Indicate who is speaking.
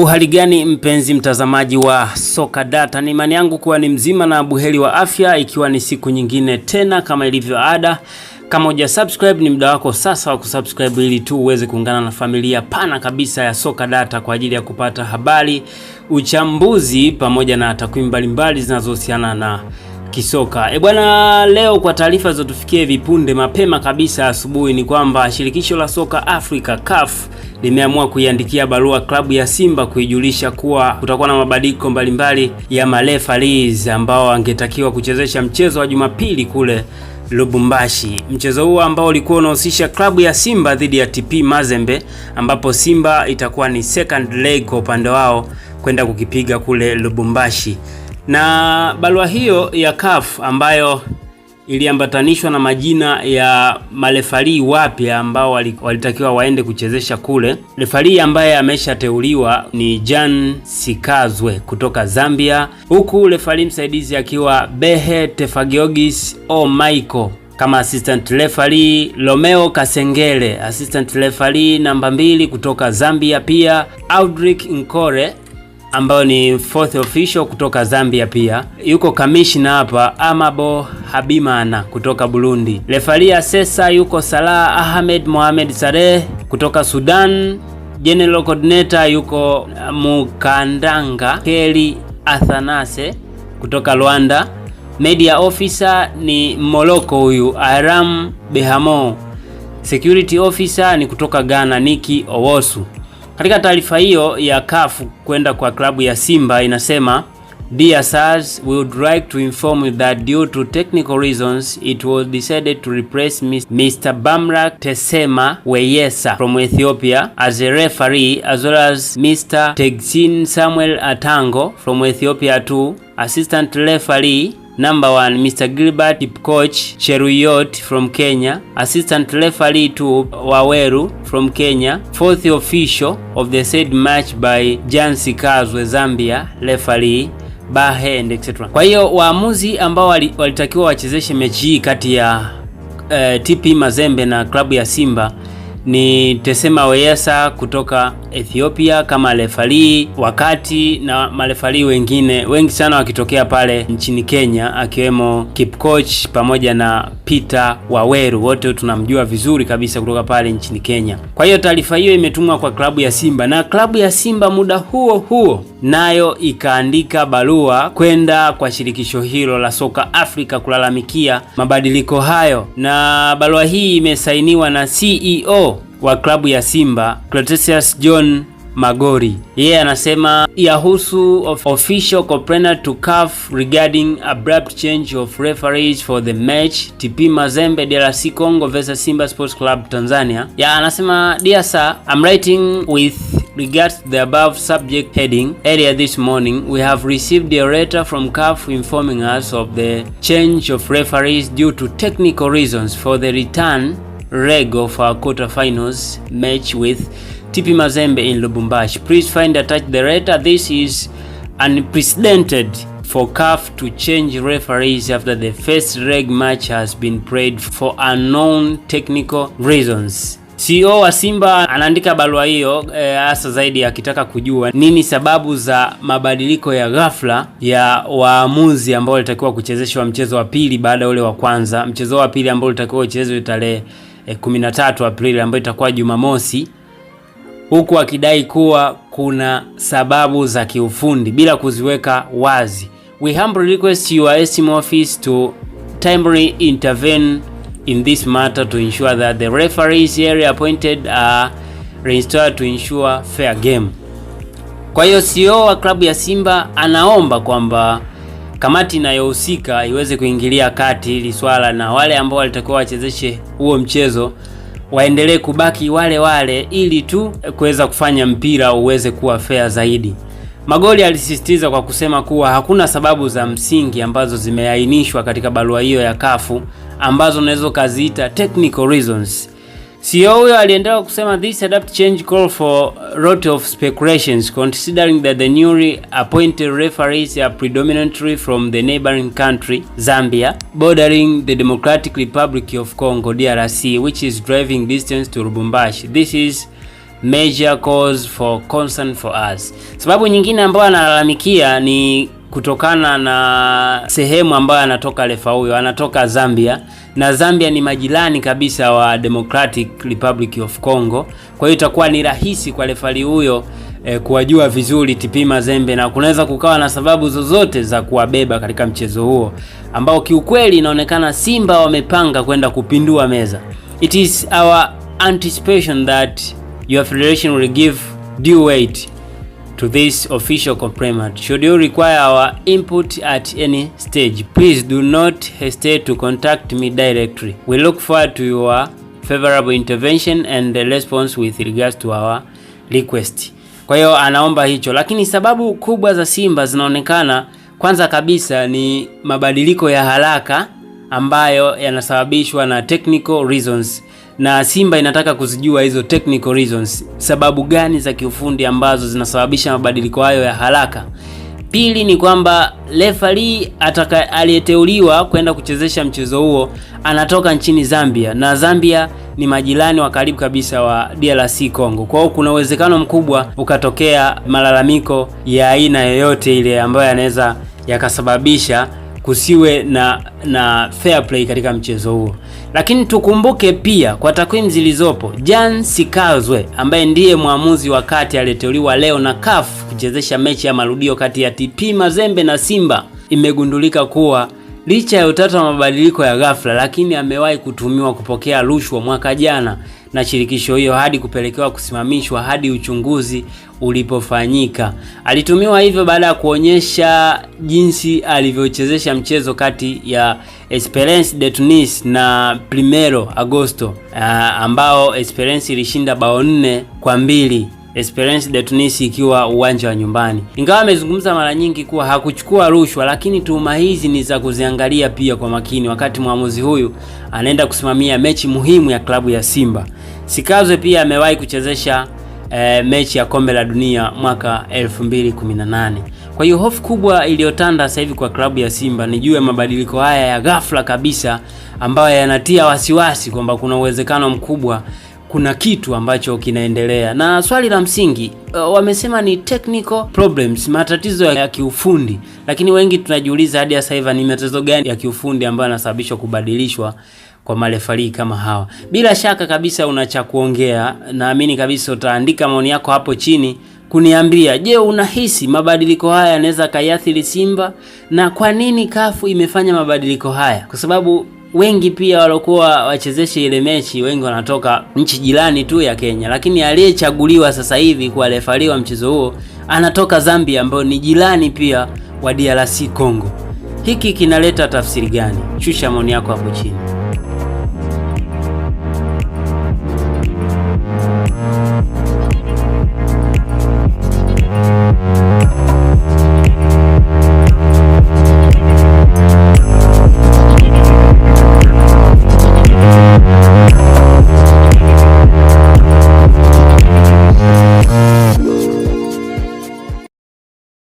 Speaker 1: Uhali gani mpenzi mtazamaji wa Soka Data, ni imani yangu kuwa ni mzima na buheri wa afya, ikiwa ni siku nyingine tena kama ilivyo ada. Kama uja subscribe ni muda wako sasa wa kusubscribe ili tu uweze kuungana na familia pana kabisa ya Soka Data kwa ajili ya kupata habari, uchambuzi pamoja na takwimu mbalimbali zinazohusiana na kisoka. E bwana, leo kwa taarifa zilizotufikia hivi punde mapema kabisa asubuhi ni kwamba shirikisho la soka Afrika CAF limeamua kuiandikia barua klabu ya Simba kuijulisha kuwa kutakuwa na mabadiliko mbalimbali ya marefaris ambao wangetakiwa kuchezesha mchezo wa Jumapili kule Lubumbashi. Mchezo huo ambao ulikuwa unahusisha klabu ya Simba dhidi ya TP Mazembe ambapo Simba itakuwa ni second leg kwa upande wao kwenda kukipiga kule Lubumbashi na barua hiyo ya CAF ambayo iliambatanishwa na majina ya marefarii wapya ambao walitakiwa waende kuchezesha kule. Refarii ambaye ameshateuliwa ni Jan Sikazwe kutoka Zambia, huku refarii msaidizi akiwa Behe Tefagiogis o Michael kama assistant referee, Romeo Kasengele assistant referee namba mbili kutoka Zambia, pia Audric Nkore ambayo ni fourth official kutoka Zambia, pia yuko kamishna hapa Amabo Habimana kutoka Burundi. Refaria Sesa yuko Salah Ahmed Mohamed Saleh kutoka Sudan. General coordinator yuko uh, Mukandanga Keli Athanase kutoka Rwanda. Media officer ni moroko huyu Aram Behamo. Security officer ni kutoka Ghana Niki Owosu. Katika taarifa hiyo ya CAF kwenda kwa klabu ya Simba inasema Dear sirs, we would like to inform you that due to technical reasons, it was decided to replace Mr. Bamrak Tesema Weyesa from Ethiopia as a referee, as well as Mr. Tegsin Samuel Atango from Ethiopia too, assistant referee Number 1 Mr. Gilbert Coach Cheruiyot from Kenya. Assistant referee to Waweru from Kenya. Fourth official of the said match by Jan Sikazwe Zambia referee Bahe and etc. Kwa hiyo waamuzi ambao walitakiwa wachezeshe mechi hii kati ya uh, eh, TP Mazembe na klabu ya Simba ni Tesema Weyesa kutoka Ethiopia kama refarii wakati na marefarii wengine wengi sana wakitokea pale nchini Kenya, akiwemo Kipkoch pamoja na Peter Waweru, wote tunamjua vizuri kabisa kutoka pale nchini Kenya. Kwa hiyo taarifa hiyo imetumwa kwa klabu ya Simba na klabu ya Simba muda huo huo nayo ikaandika barua kwenda kwa shirikisho hilo la soka Afrika kulalamikia mabadiliko hayo, na barua hii imesainiwa na CEO wa klabu ya Simba Clatesius John Magori. Yeye yeah, anasema yahusu of official complaint to CAF regarding abrupt change of referees for the match TP Mazembe DRC Congo versus Simba Sports Club Tanzania. Ya yeah, anasema dear sir, I'm writing with Regards the above subject heading, earlier this morning we have received a letter from CAF informing us of the change of referees due to technical reasons for the return leg of our quarterfinals match with tipi Mazembe in lubumbash Please find attached the letter. This is unprecedented for CAF to change referees after the first leg match has been played for unknown technical reasons. CEO wa Simba anaandika barua hiyo eh, hasa e, zaidi akitaka kujua nini sababu za mabadiliko ya ghafla ya waamuzi ambao walitakiwa kuchezeshwa mchezo wa pili baada ya ule wa kwanza. Mchezo wa pili ambao ulitakiwa uchezwe tarehe 13 eh, Aprili ambayo itakuwa Jumamosi, huku akidai kuwa kuna sababu za kiufundi bila kuziweka wazi. We humbly request your esteemed office to timely intervene in this matter to ensure that the referees here appointed are reinstated to ensure fair game. Kwa hiyo CEO wa klabu ya Simba anaomba kwamba kamati inayohusika iweze kuingilia kati hili swala na wale ambao walitakiwa wachezeshe huo mchezo waendelee kubaki wale wale ili tu kuweza kufanya mpira uweze kuwa fair zaidi. Magoli alisisitiza kwa kusema kuwa hakuna sababu za msingi ambazo zimeainishwa katika barua hiyo ya kafu ambazo unaweza ukaziita technical reasons. CEO huyo aliendelea kusema this adapt change call for lot of speculations considering that the newly appointed referees are predominantly from the neighboring country Zambia bordering the Democratic Republic of Congo DRC which is driving distance to Lubumbashi. This is major cause for concern for us. Sababu nyingine ambayo analalamikia ni kutokana na sehemu ambayo anatoka refa huyo, anatoka Zambia na Zambia ni majirani kabisa wa Democratic Republic of Congo. Kwa hiyo itakuwa ni rahisi kwa refari huyo e, kuwajua vizuri TP Mazembe na kunaweza kukawa na sababu zozote za kuwabeba katika mchezo huo ambao kiukweli inaonekana Simba wamepanga kwenda kupindua meza. It is our anticipation that your federation will give due weight to this official complaint. Should you require our input at any stage, please do not hesitate to contact me directly. We look forward to your favorable intervention and the response with regards to our request. Kwa hiyo anaomba hicho, lakini sababu kubwa za Simba zinaonekana kwanza kabisa ni mabadiliko ya haraka ambayo yanasababishwa na technical reasons na Simba inataka kuzijua hizo technical reasons, sababu gani za kiufundi ambazo zinasababisha mabadiliko hayo ya haraka. Pili ni kwamba refarii ataka aliyeteuliwa kwenda kuchezesha mchezo huo anatoka nchini Zambia, na Zambia ni majirani wa karibu kabisa wa DRC Congo. Kwa hiyo kuna uwezekano mkubwa ukatokea malalamiko ya aina yoyote ile ambayo yanaweza yakasababisha kusiwe na, na fair play katika mchezo huo, lakini tukumbuke pia kwa takwimu zilizopo, Jan Sikazwe ambaye ndiye mwamuzi wa kati aliyeteuliwa leo na CAF kuchezesha mechi ya marudio kati ya TP Mazembe na Simba, imegundulika kuwa Licha ya utata wa mabadiliko ya ghafla, lakini amewahi kutumiwa kupokea rushwa mwaka jana na shirikisho hiyo hadi kupelekewa kusimamishwa hadi uchunguzi ulipofanyika. Alitumiwa hivyo baada ya kuonyesha jinsi alivyochezesha mchezo kati ya Esperance de Tunis na Primero Agosto, eh, ambao Esperance ilishinda bao nne kwa mbili. Esperance de Tunis ikiwa uwanja wa nyumbani. Ingawa amezungumza mara nyingi kuwa hakuchukua rushwa, lakini tuhuma hizi ni za kuziangalia pia kwa makini, wakati mwamuzi huyu anaenda kusimamia mechi muhimu ya klabu ya Simba. sikazwe pia amewahi kuchezesha e, mechi ya kombe la dunia mwaka 2018. Kwa hiyo hofu kubwa iliyotanda sasa hivi kwa klabu ya Simba ni juu ya mabadiliko haya ya ghafla kabisa ambayo yanatia wasiwasi kwamba kuna uwezekano mkubwa kuna kitu ambacho kinaendelea, na swali la msingi uh, wamesema ni technical problems, matatizo ya kiufundi, lakini wengi tunajiuliza hadi sasa hivi ni matatizo gani ya kiufundi ambayo yanasababishwa kubadilishwa kwa marefari kama hawa. Bila shaka kabisa una cha kuongea, naamini kabisa utaandika maoni yako hapo chini kuniambia, je, unahisi mabadiliko haya yanaweza kaiathiri Simba na kwa nini kafu imefanya mabadiliko haya, kwa sababu wengi pia walokuwa wachezeshe ile mechi, wengi wanatoka nchi jirani tu ya Kenya, lakini aliyechaguliwa sasa hivi kuwa refari wa mchezo huo anatoka Zambia, ambayo ni jirani pia wa DRC Congo. Hiki kinaleta tafsiri gani? Shusha maoni yako hapo chini.